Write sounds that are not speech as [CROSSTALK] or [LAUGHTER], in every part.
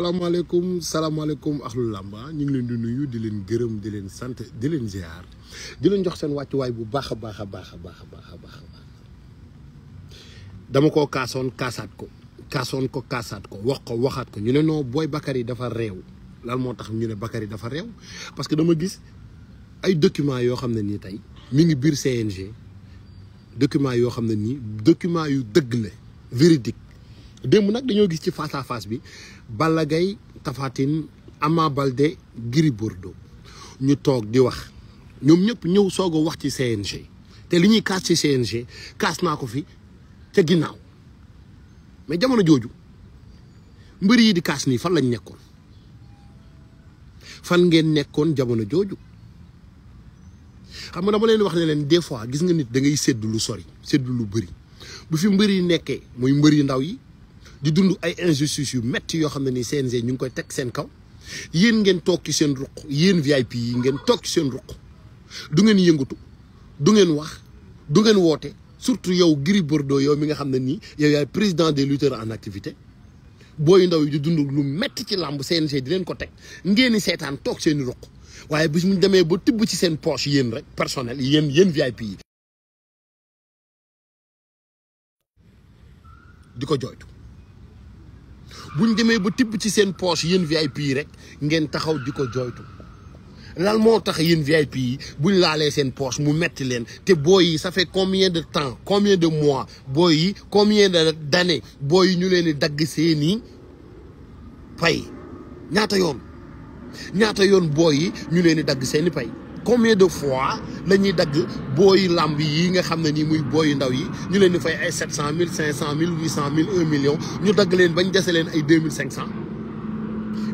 salaamaaleykum salaamaaleykum axlu làmba ñu ngi leen di nuyu di leen gërëm di leen sant di leen ziar di leen jox seen wàccuwaay bu baax a baax a baax a baax a baax a baax dama koo kaasoon kaasaat ko kaasoon ko kaasaat ko wax ko waxaat ko ñu ne non booy yi dafa réew lan moo tax ñu ne Bakary dafa reew parce que dama gis ay documents yoo xam ne nii tey mi ngi biir CNG document yoo xam ne nii documents yu dëgg la véridique démb nag dañoo gis ci face bi balagay Gaye Tapha Tine Ama Baldé Gris Bordeaux ñu toog di wax ñoom ñëpp ñëw soog wax ci CNG te li ñuy kaas ci CNG kaas naa ko fi ca ginnaaw mais jamono jooju mbër yi di kaas nii fan lañ nekkoon fan ngeen nekkoon jamono jooju xam na ma leen wax ne leen des fois gis nga nit da ngay séddu lu sori séddu lu bëri bu fi mbëri yi nekkee muy mbër yu ndaw yi di dund ay injustice yu métti yoo xam ne ni CNG ñu ngi koy teg seen kaw yéen ngeen toog ci seen ruq yéen VIP yi ngeen toog ci seen ruq du ngeen yëngatu du ngeen wax du ngeen woote surtout yow Gris Bordeaux yow mi nga xam ne ni yow yaay président des lutteurs en activité booy ndaw yi di dund lu metti ci làmb CNG di leen ko teg ngeen ni seetaan toog seen ruq waaye bis mu demee ba tibb ci seen poche yéen rek personnel yéen yéen VIP yi ko jooytu buñ demee ba tibb ci seen poche yéen VIP yi rek ngeen taxaw di ko jooytu lan moo tax yéen VIP yi buñ laalee seen poche mu metti leen te booy yi ça fait combien de temps combien de mois booy yi combien de d'années booy yi ñu leen di dagg seeni pay ñaata yoon ñaata yoon booy yi ñu leen di dagg seeni pay combien de fois la ñuy dagg booy làmb yi nga xam ne nii muy booy ndaw yi ñu leen di fay ay sept cent mille cinq cent mille huit cent mille un million ñu dagg leen bañ dese leen ay deux mille cinq cent.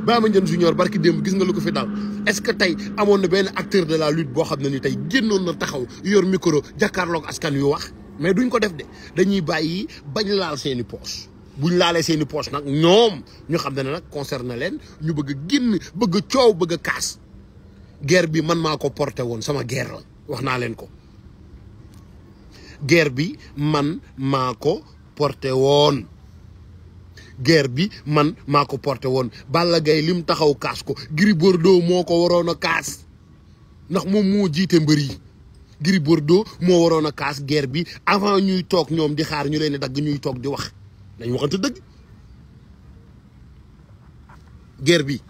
Baama Ndione junior barki démb gis nga lu ko fi dal est-ce que tey amoon na benn acteur de la lutte boo xam ne ni tey génnoon na taxaw yor micro jàkkaarloog askan yu wax mais duñ ko def de dañuy bàyyi bañ laal seeni poche. buñ laalee seeni poche nag ñoom ñu xam ne nag concerné leen ñu bëgg génn bëgg coow bëgg a kaas. guerre bi man maa ko porté woon sama guerre la wax naa leen ko guerre bi man maa ko porté woon guerre bi man maa ko porté woon Balla Gaye lim taxaw kaas ko Gris Bordeaux moo ko waroon a kaas ndax moom moo jiite mbër yi Gris Bordeaux moo waroon a kaas guerre bi avant ñuy toog ñoom di xaar ñu leen di dagg ñuy toog di wax dañ waxante dëgg guerre bi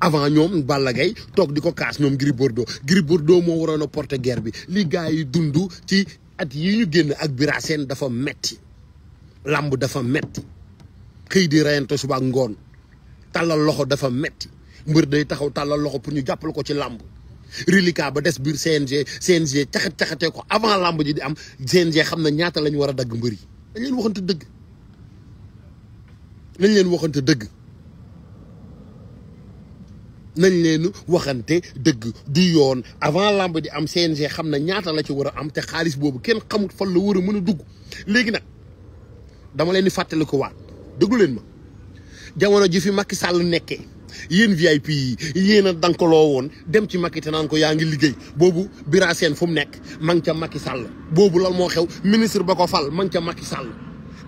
avant ñoom Balla Gaye toog di ko kaas ñoom Gris Bordeaux Gris Bordeaux moo waroon a porter guerre bi li gars yi dund ci at yi ñu génn ak bira dafa metti làmb dafa metti xëy di reyante suba ak ngoon tàllal loxo dafa metti mbër day taxaw tàllal loxo pour ñu jàppale ko ci làmb reliquat ba des biir CNG CNG caxat caxatee ko avant làmb ji di am CNG xam na ñaata la ñu war a dagg mbër yi dañ leen waxante dëgg dañ leen waxante dëgg nañ leen waxante dëgg du yoon avant lamb di am CNG xam na ñaata la ci war a am te xaalis boobu kenn xamut fan la war a mën a dugg léegi nag dama leen di fàttali ko waat déglu leen ma jamono ji fi makki sàll nekke yéen VIP yi yéen a dankaloo woon dem ci Macky te naan ko yaa ngi liggéey boobu Bira Sène fu mu nekk ma nga ca Macky Sall boobu lan moo xew ministre ba ko fal ma nga ca Macky Sall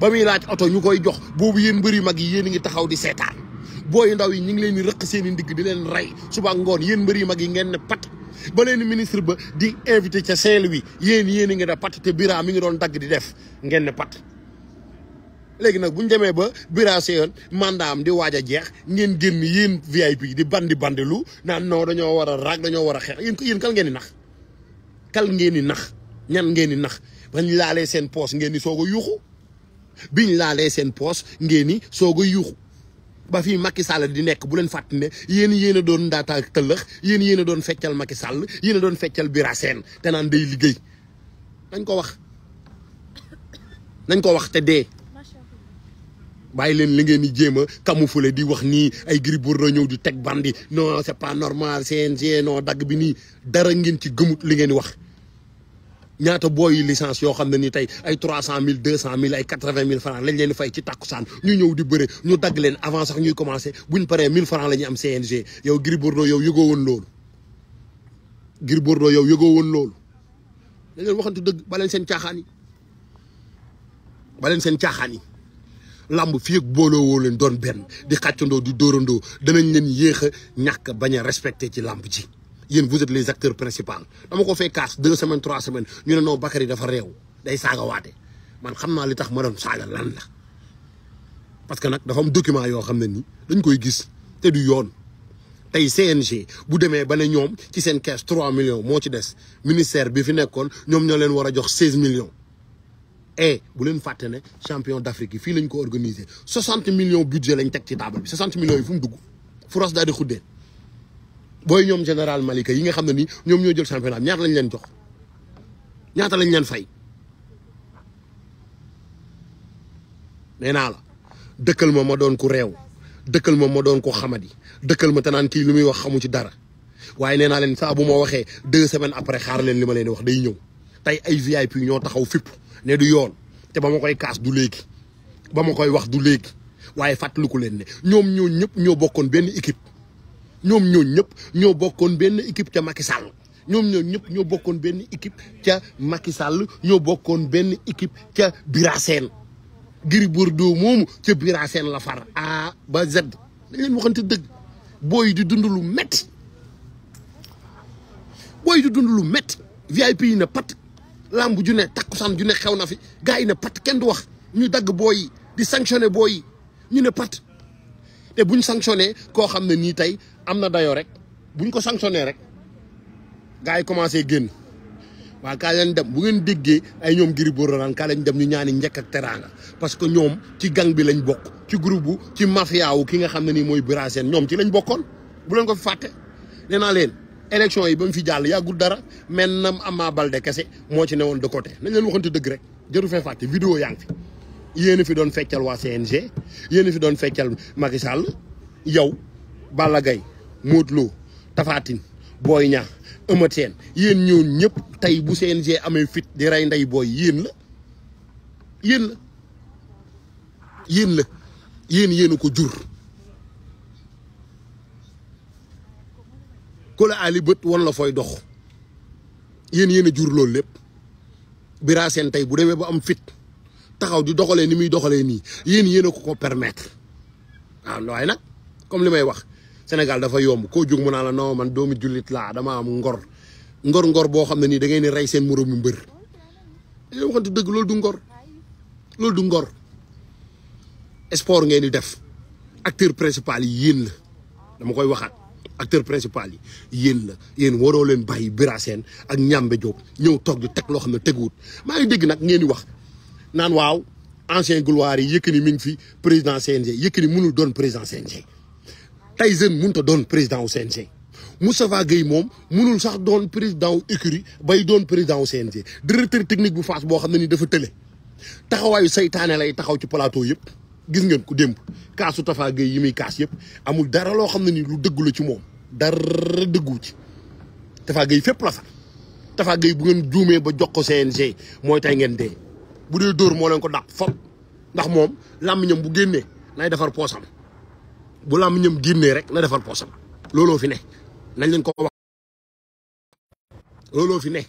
ba muy laaj oto ñu koy jox boobu yéen mbëri mag yi yéen a ngi taxaw di seetaan. booy ndaw yi ñu ngi leen di rëq seeni ndigg di leen rey suba ngoon yéen mbër yi mag yi ngeen ne pat ba leen ministre ba di invité ca Saint-Louis yéen yéen a ngeen ne pat te Bira mi ngi doon dagg di def ngeen ne pat. léegi nag bu ñu demee ba Bira Sèye mandat am di waaj a jeex ngeen génn yéen VIP di bandi bandi lu naan non dañoo war a raag dañoo war a xeex yéen yéen kal ngeen di nax kal ngeen di nax ñan ngeen di nax bañ laalee seen poos ngeen di soog a yuuxu biñ laalee seen poos ngeen di soog a yuuxu. ba fii Macky Sall di nekk bu leen fàtt ne yéen yéen a doon ndaataa tëllëx yéen yéen a doon feccal Macky Sall yéen a doon feccal Bira Sène te naan day liggéey nañ ko wax nañ ko wax te dee bàyyi leen li ngeen di jéem a camoufler di wax nii ay Gris Bordeaux ñëw di teg bandi non c'est pas normal CNG non dagg bi nii dara ngeen ci gëmut li ngeen wax ñaata booyu licence yoo xam ne ni tey ay trois cent mille deux cent mille ay quatre vingt mille franc lañ leen fay ci takkusaan ñu ñëw di bëre ñu dagg leen avant sax ñuy commencé buñ paree mille franc la ñuy am CNG yow Gris Bordeaux yow yëgoo woon loolu Gris Bordeaux yow yëgoo woon loolu dañ leen waxantu dëgg baleen seen caaxaan yi baleen seen caaxaan yi làmb fii ak booloo woo leen doon benn di xàccandoo di dóorandoo danañ leen yéex a ñàkk bañ a respecté ci làmb ji yéen vous êtes les acteurs principaux dama ko fay kaas deux semaines trois semaines ñu ne non Bakary dafa réew day saaga waate man xam naa li tax ma doon saaga lan la parce que nag dafa am document yoo xam ne nii dañ koy gis te du yoon tey CNG bu demee ba ne ñoom ci seen caisse trois millions moo ci des ministère bi fi nekkoon ñoom ñoo leen war a jox seize millions et bu leen fàtte ne champion d'Afrique yi fii lañ ko organiser soixante millions budget lañ teg ci table bi soixante millions yi fu mu dugg furos daal di xuddee booy ñoom général Malika yi nga xam ne ni ñoom ñoo jël championnat ñaata lañ leen jox ñaata lañ leen fay nee naa la dëkkal ma ma doon ku réew dëkkal ma ma doon ko xamadi dëkkal ma te naan kii lu muy wax xamu ci dara waaye nee naa leen sax bu ma waxee deux semaines après xaar leen li ma leen wax day ñëw tey ay VIP ñoo taxaw fipp ne du yoon te ba ma koy kaas du léegi ba ma koy wax du léegi waaye fàttaliku leen ne ñoom ñoo ñëpp ñoo bokkoon benn équipe ñoom ñoo ñëpp ñoo bokkoon benn équipe ca Macky Sall ñoom ñoo ñëpp ñoo bokkoon benn équipe ca Macky Sall ñoo bokkoon benn équipe ca Biraseen Gris Bordeaux moomu ca Biraseen la far A ba Z dañ leen dëgg booy di dund lu métti booy di dund lu metti VIP yi ne pat lamb ju ne takkusaan ju ne xew na fi gars yi ne pat kenn du wax ñu dagg booy yi di sanctionné booy ñu ne pat te buñ sanctionné koo xam ne nii tey am na dayoo rek buñ ko sanctionné rek gaa yi commencé génn waaw kaa leen dem bu ngeen déggee ay ñoom Gris Bordeaux naan kaa leen dem ñu ñaani njëkk ak teraanga parce que ñoom ci gang bi lañ bokk ci groupe bu ci mafia wu ki nga xam ne nii mooy Bira ñoom ci lañ bokkoon bu lañ ko fi fàtte nee naa leen élection yi ba mu fi jàll yàggul dara men nam Ama Baldé kese moo ci newoon de côté nañ leen waxante dëgg rek jëru fee fàtte vidéo yéen a fi doon feccal waa CNG yéen a fi doon feccal Macky Sall yow Balla Gaye Modou Lo Tapha Tine Boy Niang yéen ñooñu ñépp tey bu CNG amee fit di rey nday booy yéen la yéen la yéen la yéen yéen ko jur ku la ali la fooy dox yéen yéen a jur loolu lépp Bira Sène tey bu demee ba am fit taxaw di doxalee ni muy doxalee nii yéen yéen a ko ko permettre waaw waaye nag comme li may wax Sénégal dafa yomb koo jug mu naa la non man doomu jullit laa dama am ngor ngor ngor boo xam ne nii da ngay ne rey seen moroomu mbër yow waxante dëgg du ngor loolu du ngor sport ngeen di def acteur principal yi yéen dama koy waxaat acteur principal yi yéen la yéen waroo leen bàyyi Bira Sène ak ñambe Diop ñëw toog di teg loo xam ne teguwut maa ngi dégg nag ngeen di wax naan waaw ancien gloire yi Yékini mi ngi fi président CNG Yékini mënul doon président CNG Tyson mënut a doon président wu CNG Moustapha Gueye moom mënul sax doon président wu écurie bay doon président wu CNG directeur technique bu Fass boo xam ne ni dafa tële taxawaayu seytaane lay taxaw ci plateau yëpp gis ngeen ko démb kaasu Tafa Gueye yi muy kaas yëpp amul dara loo xam ne nii lu dëggu ci moom dara dëggu ci Tafa Gueye fépp la sax Tafa Gueye bu ngeen juumee ba jox ko mooy tey ngeen dee. bu dee dóor moo leen ko dàq fop ndax moom làmmiñam bu génnee nay defar poosam bu làmmiñam génnee rek na defar poosam looloo fi ne nañ leen ko wax looloo fi ne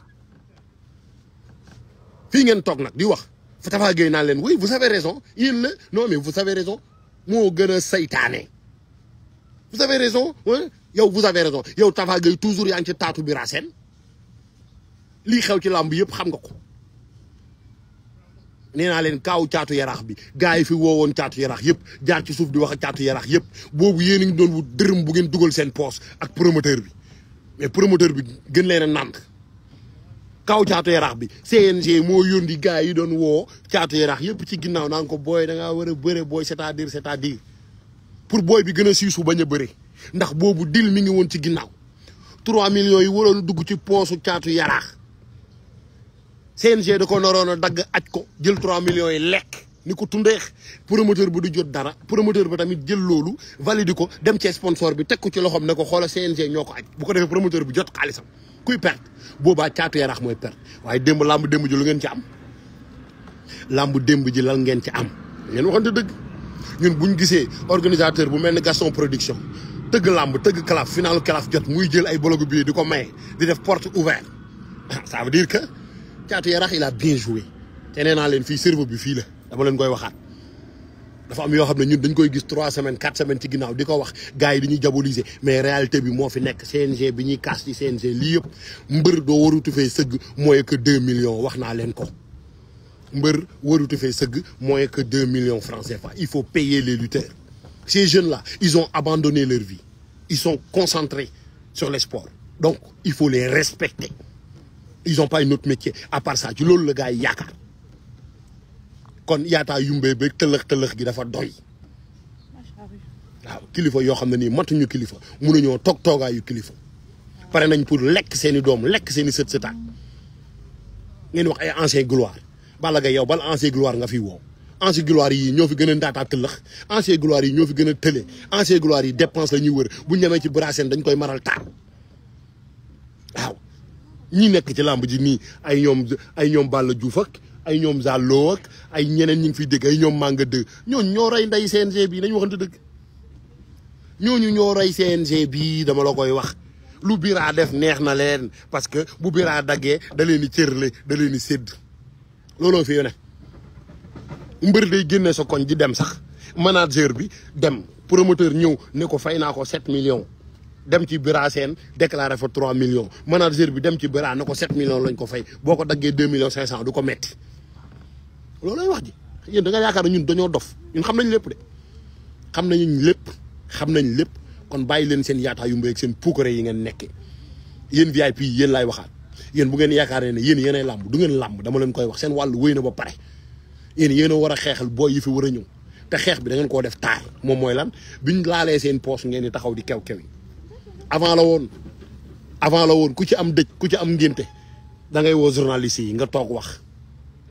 fii ngeen toog nag di wax fa Tafa Gueye naan leen oui vous avez raison yéen la non mais vous avez moo gën a saytaane vous avez raison yow vous avez raison yow Tafa toujours yaa ngi ci taatu bi lii xew ci làmb yépp xam nga ko nee naa leen kaaw caatu yaraax bi gars yi fi woowoon caatu yaraax yëpp jaar ci suuf di wax ak caatu yaraax yëpp boobu yéen a doon wut dërëm bu ngeen dugal seen poos ak promoteur bi mais promoteur bi gën leen a nànd kaw caatu yaraax bi CNG moo yónni gars yi doon woo caatu yaraax yëpp ci ginnaaw naa ko booy da war a bëre booy c'est-à-dire c'est-à-dire pour booy bi gën a siisu bañ a bëre ndax boobu dil mi ngi woon ci ginnaaw 3 millions yi waroon dugg ci poosu caatu yaraax CNG da ko naroon a dagg aj ko jël 3 millions yi lekk ni ko tundeex promoteur bu du jot dara promoteur bi tamit jël loolu valide ko dem ci sponsor bi teg ko ci loxoom ne ko xoola CNG ñoo ko aj bu ko defee promoteur bi jot xaalisam kuy perte boobaa caatu yaraax mooy perte waaye démb làmb démb ji lu ngeen ci am làmb démb ji lan ngeen ci am ngeen waxante dëgg ñun buñ gisee organisateur bu mel ni Gaston Production tëgg làmb tëgg calaf final calaf jot muy jël ay bologu bii di ko maye di def porte ouverte ah, ça veut dire que Caatu Yaraax il a bien joué te nee leen fii cerveau bi fii la dama leen koy waxaat dafa am yoo xam ne ñun dañ koy gis trois semaines quatre semaines ci ginnaaw di ko wax gars yi dañuy diaboliser mais réalité bi moo fi nekk CNG bi ñuy kaas ci CNG lii yëpp mbër doo warutu fee sëgg mooy que deux millions wax naa leen ko mbër warutu fee sëgg mooy que deux millions francs CFA il faut payer les lutteurs ces jeunes là ils ont abandonné leur vie ils sont concentrés sur le donc il faut les respecter ils ont pas une autre métier à part ça ci loolu la gars yi kon yaataa yumbee ba tëllëx tëllëx gi dafa doy waaw kilifa yoo xam ne nii matuñu kilifa mënuñoo toog toogaayu kilifa pare nañ pour lekk seeni doom lekk seeni sët sëtaat ngeen wax ay ancien gloire Balla Gaye yow bala ancien gloire nga fi woo ancien gloire yi ñoo fi gën a ndaataa tëllëx ancien gloire yi ñoo fi gën a tële ancien gloire yi dépense la ñuy wër bu ñemee ci braseen dañ koy maral taar ñi nekk ci làmb ji nii ay ñoom ay ñoom Balla ay ñoom Zallo ay ñeneen ñi ngi fiy dégg ay ñoom Manga dëgg ñoo rey nday CNG bii nañu waxante dëgg ñooñu ñoo rey CNG bii dama la koy wax lu biraa def neex na leen parce que bu biraa daggee da leen di cërle da leen di sédd looloo fi ne mbër day génne sa koñ di dem sax manager bi dem promoteur ñëw ne ko fay naa ko 7 millions dem ci bira seen déclaré fa 3 millions manager bi dem ci bira na ko 7 millions lañ ko fay boo ko daggee 2 millions 500 du ko metti loolooy wax ji yéen da nga yaakaar ñun dañoo dof ñun xam nañ lépp de xam nañ lépp xam nañ lépp kon bàyyi leen seen yaataa yu mbéy seen puukare yi ngeen nekkee yéen VIP yéen laay waxaat yéen bu ngeen yaakaaree ne yéen yéenay làmb du ngeen làmb dama leen koy wax seen wàllu wéy na ba pare yéen yéen a war a xeexal booy yi fi war a ñëw te xeex bi da ngeen koo def taar moom mooy lan biñ laalee seen poos ngeen di taxaw di kew kew avant la woon avant la woon ku ci am dëj ku ci am ngénte da ngay woo journaliste yi nga toog wax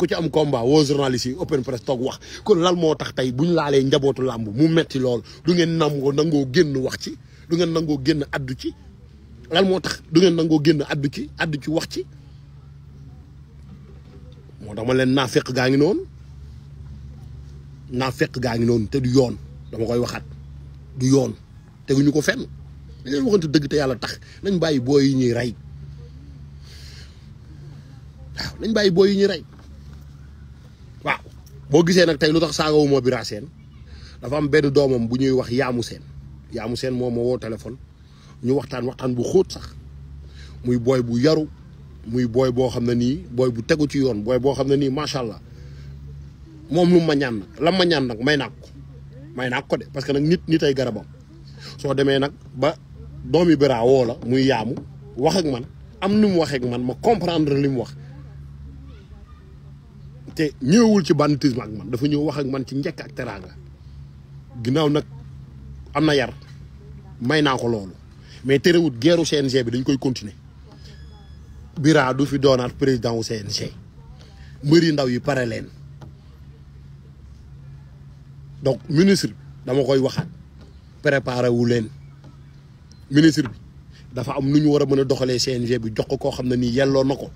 ku ci am combat woo journaliste yi open press toog wax kon lan moo tax tey bu ñu laalee njabootu làmb mu metti lool du ngeen nangoo nangoo génn wax ci du ngeen nangoo génn addu ci lan moo tax du ngeen nangoo génn addu ci addu ci wax ci moo dama leen naa fekk gaa ngi noon naa fekk gaa ngi noonu te du yoon dama koy waxaat du yoon teguñu ko fenn dañu waxante dëgg te yàlla tax nañ bàyyi booy yi ñuy rey waaw nañ bàyyi booy yi ñuy rey waaw boo gisee nag tey lu tax saagawu moo Bira Sène dafa am benn doomam bu ñuy wax Yaamu seen Yaamu Sène moom moo woo téléphone ñu waxtaan waxtaan bu xóot sax muy booy bu yaru muy booy boo xam ne nii booy bu tegu ci yoon booy boo xam ne nii macha allah moom lu ma ñaan nag la ma ñaan nag may naa ko may naa ko de parce que nag nit nit ay garabam soo demee nag doomi Bira woo muy yaamu wax ak man am ni mu waxee man ma comprendre li mu wax te ñëwul ci bantisme ak man dafa ñëw wax ak man ci njëkk ak teraanga ginnaaw nag am na yar may naa ko loolu mais terewut geeru CNG bi dañ koy continuer Bira du fi doonaat président wu CNG mbëri ndaw yi pare leen donc ministre dama koy waxaat préparé wu leen ministre bi dafa am nu ñu war a mën a doxalee CNG bi jox ko koo xam ne nii yelloo na ko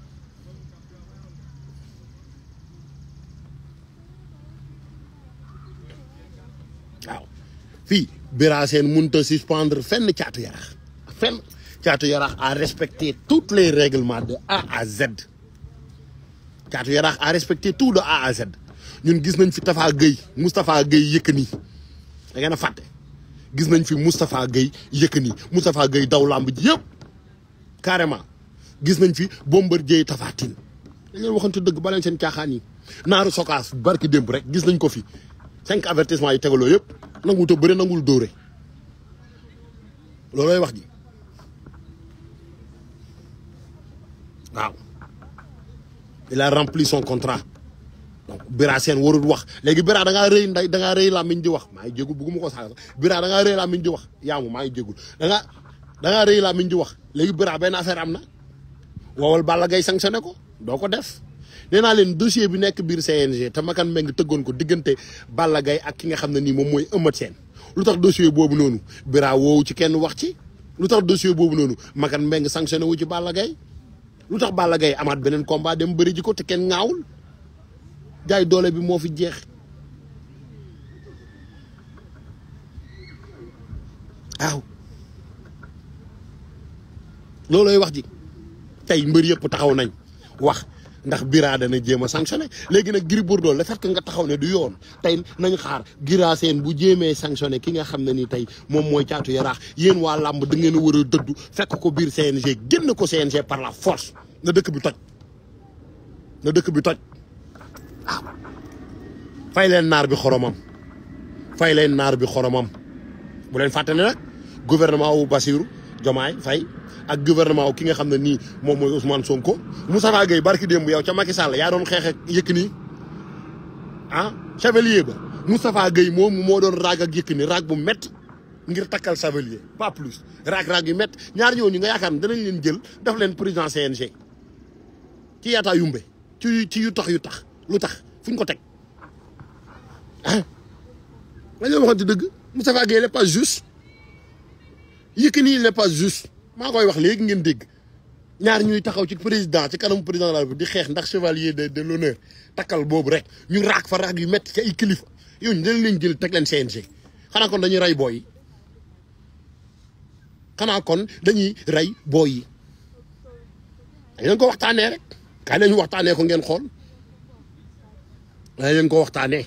waaw fii Bira Sène mënut a suspendre fenn caatu yaraax fenn caatu yaraax a respecté toutes les règlements de A à Z caatu yaraax a respecté tout de A à ñun gis nañ fi Tafa Gueye Moustapha Gueye Yékini da ngeen a fàtte. gis nañ fi Moustapha Gueye Yékini Moustapha Gueye daw làmb ji yëpp carrément gis nañ fi Bombardier Tapha Tine dañ leen waxante dëgg ba seen caaxaan yi naaru sokaas barki démb rek gis nañ ko fi cinq avertissement yi tegaloo yëpp nanguwul te bëre nangul dóore loolooy wax ji waaw il a rempli son contrat donc Bira Sène warul wax léegi Bira da ngaa rëy nday da ngaa rëy làmmiñ di wax maa ngi jégul ko saaga Bira da ngaa rëy làmmiñ wax yaamu maa ngi jégul da ngaa da ngaa rëy di wax léegi Bira benn affaire am na woowal Balla gay sanctionné ko doo ko def nee naa leen dossier bi nekk biir CNG te Makan Mbengue tëggoon ko diggante Balla gay ak ki nga xam ne nii moom mooy Eumeu Sène lu tax dossier boobu noonu Bira woowu ci kenn wax ci lu tax dossier boobu noonu Makan Mbengue sanctionné wu ci Balla Gaye lu tax Balla Gaye amaat beneen combat dem bëri ji ko te kenn ŋaawul jaay doole bi moo fi jeex waaw loolooy wax ji tey mbër yëpp taxaw nañ wax ndax Bira dana jéem a sanctionné léegi nag Gris Bordeaux le fait que nga taxaw ne du yoon tey nañ xaar Bira Sène bu jéemee sanctionné ki nga xam ne ni tey moom mooy caatu yaraax yéen waa làmb da ngeen a war a dëddu fekk ko biir CNG génn ko CNG par la force na dëkk bi toj na dëkk bi toj fay leen naar bi xoromam fay leen naar bi xoromam bu leen fàtte ne nag gouvernement wu Bassirou Diomaye fay ak gouvernement wu ki nga xam ne nii moom mooy Ousmane Sonko Moustapha Gueye barki démb yow ca Macky Sall yaa doon xeex ak Yékini ah chevalier ba Moustapha Gueye moom moo doon raag ak Yékini raag bu métti ngir takkal chevalier pas plus raag-raag yu métti ñaar ñooñu nga yaakaar ne danañ leen jël daf leen président CNG ci yaataa yumbe ci ci yu yu tax lu tax fu ñu ko teg ah dañoo waxante dëgg Moustapha Gueye n'est pas juste Yékini n'est pas juste maa koy wax léegi ngeen dégg ñaar ñuy taxaw ci président ci kanamu président de la République di xeex ndax chevalier de de l'honneur takkal boobu rek ñu raak fa raak yu metti ci ay kilifa yooyu dañ leen jël teg leen CNG xanaa kon dañuy rey booy yi xanaa kon dañuy rey booy yi dañ leen ko waxtaanee rek kaay leen ñu waxtaanee ko ngeen xool. danañ leen ko waxtaanee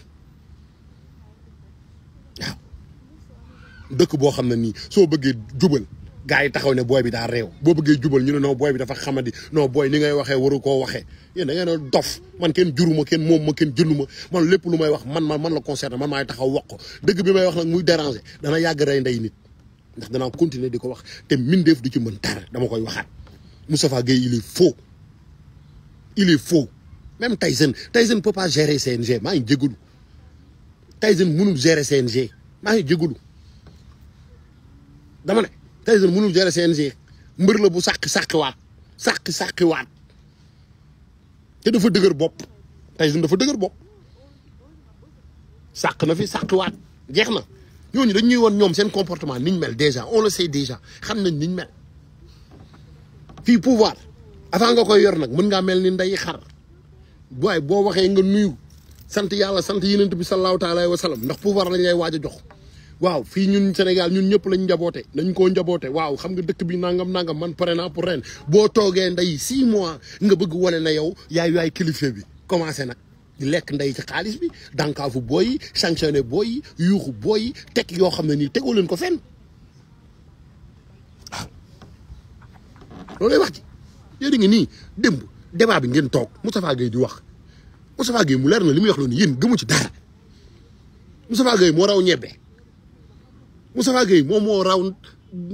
dëkk boo xam ne nii soo bëggee jubal gars yi taxaw ne booy bi daa réew boo bëggee jubal ñu ne non booy bi dafa xamadi non booy ni ngay waxee waru koo waxee yéen da ngeen man kenn juruma kenn moom ma kenn jënduma man lépp lu may wax man man man la concerné man maay taxaw wax ko dëgg bi may wax nag muy déranger dana yàgg rey ndey nit ndax danaa continuer di ko wax te mindeef du ci mën dara dama koy waxaat Moustapha Gueye il est faux il est faux même Tyson Tyson peut pas gérer CNG maa ngi jégalu Tyson mënul gérer CNG maa ngi jégalu dama ne Tyson mënul gérer CNG mbër la bu sàq sàqiwaat sàq sàqiwaat te dafa dëgër bopp Tyson dafa dëgër bopp sàq na fi sàqiwaat jeex na ñooñu dañ ñuy woon ñoom seen comportement niñ mel déjà on le sait déjà xam nañ niñ mel fii pouvoir avant nga koy yor nag mën ngaa mel ni nday xar waaye boo waxee nga nuyu sant yàlla sant yenent bi sa taala wa sallam ndax pouvoir lañ lay waaj a jox waaw fii ñun Sénégal ñun ñëpp lañ njaboote nañ koo njaboote waaw xam nga dëkk bi nangam nangam man pare naa pour ren boo toogee nday sii mois nga bëgg wane na yow yaay yaay kilifa bi commencé nag lekk ndey ci xaalis bi dànkaafu booy yi booy yi yuuxu booy teg yoo xam ne nii tegoo leen ko fen waaw loolay wax ji yéen a ngi nii démb débat bi ngeen toog Moustapha Gueye di wax Moustapha Gueye mu leer na li muy wax loolu yéen gëmu ci dara Moustapha Gueye moo raw ñebbe Moustapha Gueye moom moo raw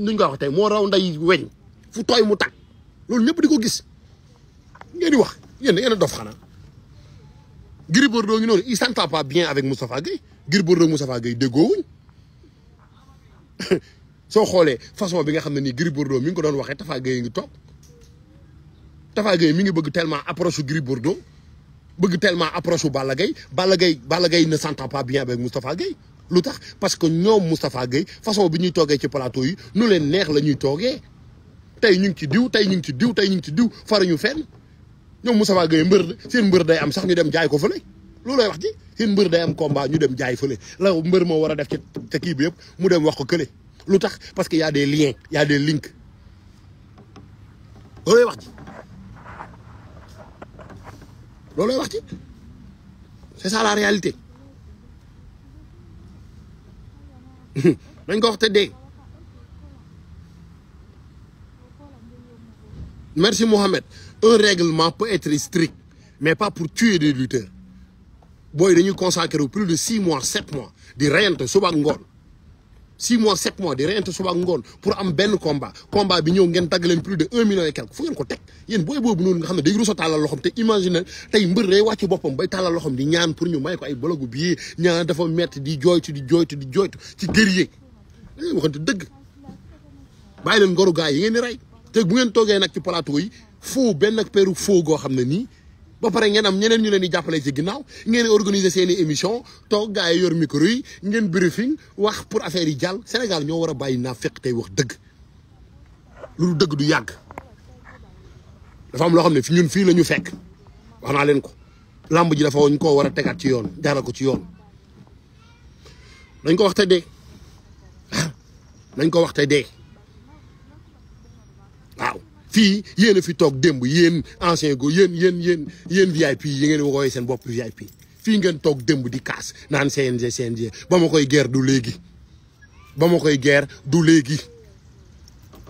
nuñ ko wax tey moo raw nday weñ fu tooy mu tag loolu ñëpp di ko gis ngeen di wax yéen da ngeen a dof xanaa Gris Bordeaux ngi noonu il s'entend pas bien avec Moustapha Gueye Gris Bordeaux Moustapha Gueye déggoowuñ [LAUGHS] soo xoolee façon bi nga xam ne nii Gris Bordeaux mi ngi ko doon waxee Tafa Gueye ngi toog Tafa Gueye mi ngi bëgg tellement approche su Gris Bordeaux bëgg tellement approche su Balla Gaye Balla Gaye Balla Gaye ne s'entend pas bien avec Moustapha Gueye lu tax parce que ñoom Moustapha Gueye façon bi ñuy toogee ci plateau yi nu leen neex la ñuy toogee tey ñu ngi ci diw tey ñu ngi ci diw tey ñu ngi ci diw faruñu fenn ñoom Moustapha Gueye mbër seen mbër day am sax ñu dem jaay ko fële loolu ay wax ci seen mbër day am combat ñu dem jaay fële la mbër moo war a def ci te kii bi yëpp mu dem wax ko kële lu tax parce que y a des liens y a wax loolooy wax ci c'est ça la réalité dañ ko wax te dee merci Mohamed un règlement peut être strict mais pas pour tuer des lutteurs booy dañuy consacré plus de six mois sept mois di reyante suba ak ngoon six mois sept mois di reyante suba ak ngoon pour am benn combat combat bi ñëw ngeen dagg leen plus de un million et quelque fu ngeen ko teg yéen booy boobu noonu nga xam ne day rusa tàllal loxom te imagine tey mbër day wàcc boppam bay tàllal loxom di ñaan pour ñu may ko ay bologu bii ñaan dafa metti di jooytu di jooytu di jooytu ci guerrier dañuy waxante dëgg bàyyi leen ngoru gaay yi ngeen di rey te bu ngeen toogee nag ci plateau yi foo benn ak peeru foo goo xam ne nii ba pare ngeen am ñeneen ñu leen di jàppale ci ginnaaw ngeen organiser seen émission toog gars yi yor micro yi ngeen briefing wax pour affaire yi jàll Sénégal ñoo war a bàyyi naa fekk tey wax dëgg loolu dëgg du yàgg dafa am loo xam ne fi ñun fii lañu fekk wax naa leen ko làmb ji dafa wañ koo war a tegaat ci yoon jaaral ko ci yoon dañ ko wax te ah, ko wax te waaw fii yéen a fi toog démb yéen ancien go yéen yéen yéen yéen VIP yi ngeen waxooy seen bopp VIP fii ngeen toog démb di kaas naan CNG CNG ba ma koy guerre du léegi ba ma koy guerre du léegi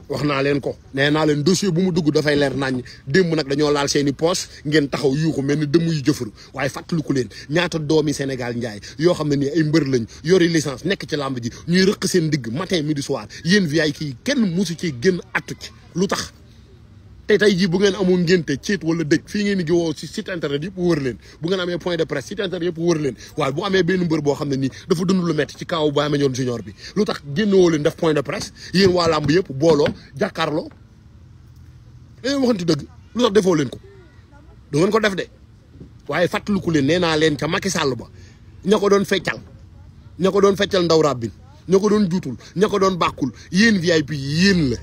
wax naa leen ko nee naa leen dossier bu mu dugg dafay leer nañ demb nag dañoo laal seen i poos ngeen taxaw yuuxu mel ni dëmm yu jëfaru waaye fàttaliku leen ñaata doomi Sénégal njaay yoo xam ne nii ay mbër lañ yori licence nekk ci làmb ji ñuy rëq seen digg matin midi soir yéen VIP kii kenn mosu ci génn attu lu tax te tey jii bu ngeen amoon ngénte ciit wala dëj fii ngeen di woo si site internet yëpp wër leen bu ngeen amee point de presse site internet yëpp wër leen waaye bu amee benn mbër boo xam ne nii dafa dund lu metti ci kaw Baye Mandione junior bi lu tax génnewoo leen def point de presse yéen waa làmb yëpp booloo jàkkaarloo dañoo waxante dëgg lu tax defoo leen ko du ngeen ko def de waaye fàttaliku leen nee naa leen ca Macky sàll ba ña ko doon feccal ña ko doon feccal ndaw ràbbin ña ko doon juutul ña ko doon bàkkul yéen VIP yéen la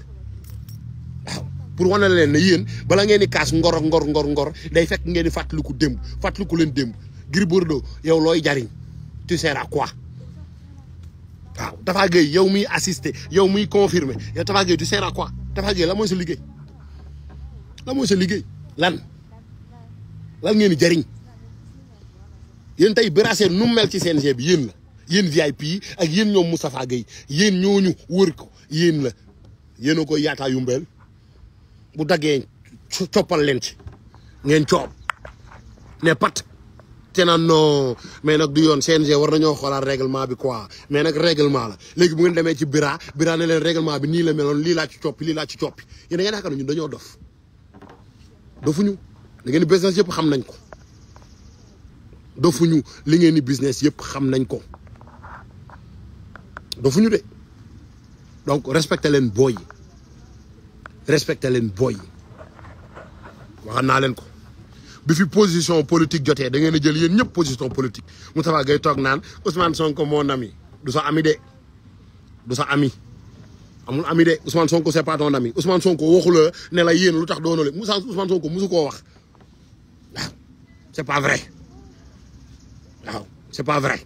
pour wane leen ne yéen bala ngeen di kaas ngor ngor ngor ngor day fekk ngeen di fàttaliku démb fàttaliku leen démb Gris Bordeaux yow looy jariñ tu sers à quoi waaw Tapha Gueye yow muy assister yow muy confirmer yow Tapha Gueye tu sers à quoi Tapha Gueye la mooy sa liggéey la lan lan ngeen di jariñ yéen tey brasser nu mel ci CNG bi yéen la yéen VIP yi ak yéen ñoom mu Moustapha Gueye yéen ñooñu wër ko yéen la yéen a koy yaataa yu mbeel bu daggee coppal leen ci ngeen coob ne pat te naan non mais nag du yoon CNG war nañoo xoolaat règlement bi quoi mais nag règlement la léegi bu ngeen demee ci bira bira ne leen réglement bi nii la meloon lii laa ci coppi lii laa ci coppi yéen a ngeen yaakaar dañoo dof dofuñu li ngeen di business yëpp xam nañ ko dofuñu li ngeen di business yëpp xam nañ ko dofuñu de donc respecté leen booy yi respecté leen booy waxal naa leen ko bi fi position politique jotee da ngeen a jël yéen ñëpp position politique Moustapha Gueye toog naan Ousmane Sonko mon ami du sa ami de du sa ami amul ami de Ousmane Sonko c'est pas ton ami Ousmane Sonko waxu la ne yéen lu tax doona le Moussa Ousmane Sonko musu koo wax waaw c'est pas vrai waaw c'est pas vrai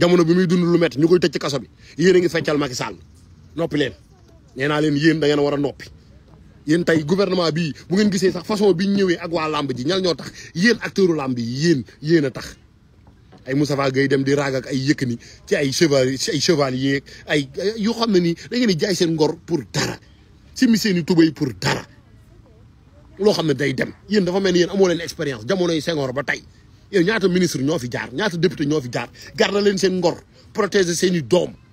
jamono bi muy dund lu métti ñu koy tëj ci kaso bi yéen a ngi feccal Macky Sall noppi leen nee naa leen yéen da war a noppi. yéen tey gouvernement bi bu ngeen gisee sax façon bi ñu ñëwee ak waa làmb ji ñal ñoo tax yéen acteuru làmb yi yéen yéen a tax ay Moustapha Gueye dem di raag ak ay Yékini ci ay cheval ci ay chevalier ay yoo xam ne nii da ngeen di jaay seen ngor pour dara si mi seen pour dara loo xam ne day dem yéen dafa mel ni yéen amoo leen expérience jamonoy Senghor ba tey yow ñaata ministre ñoo fi jaar ñaata député ñoo fi jaar garda leen seen ngor protéger seen i doom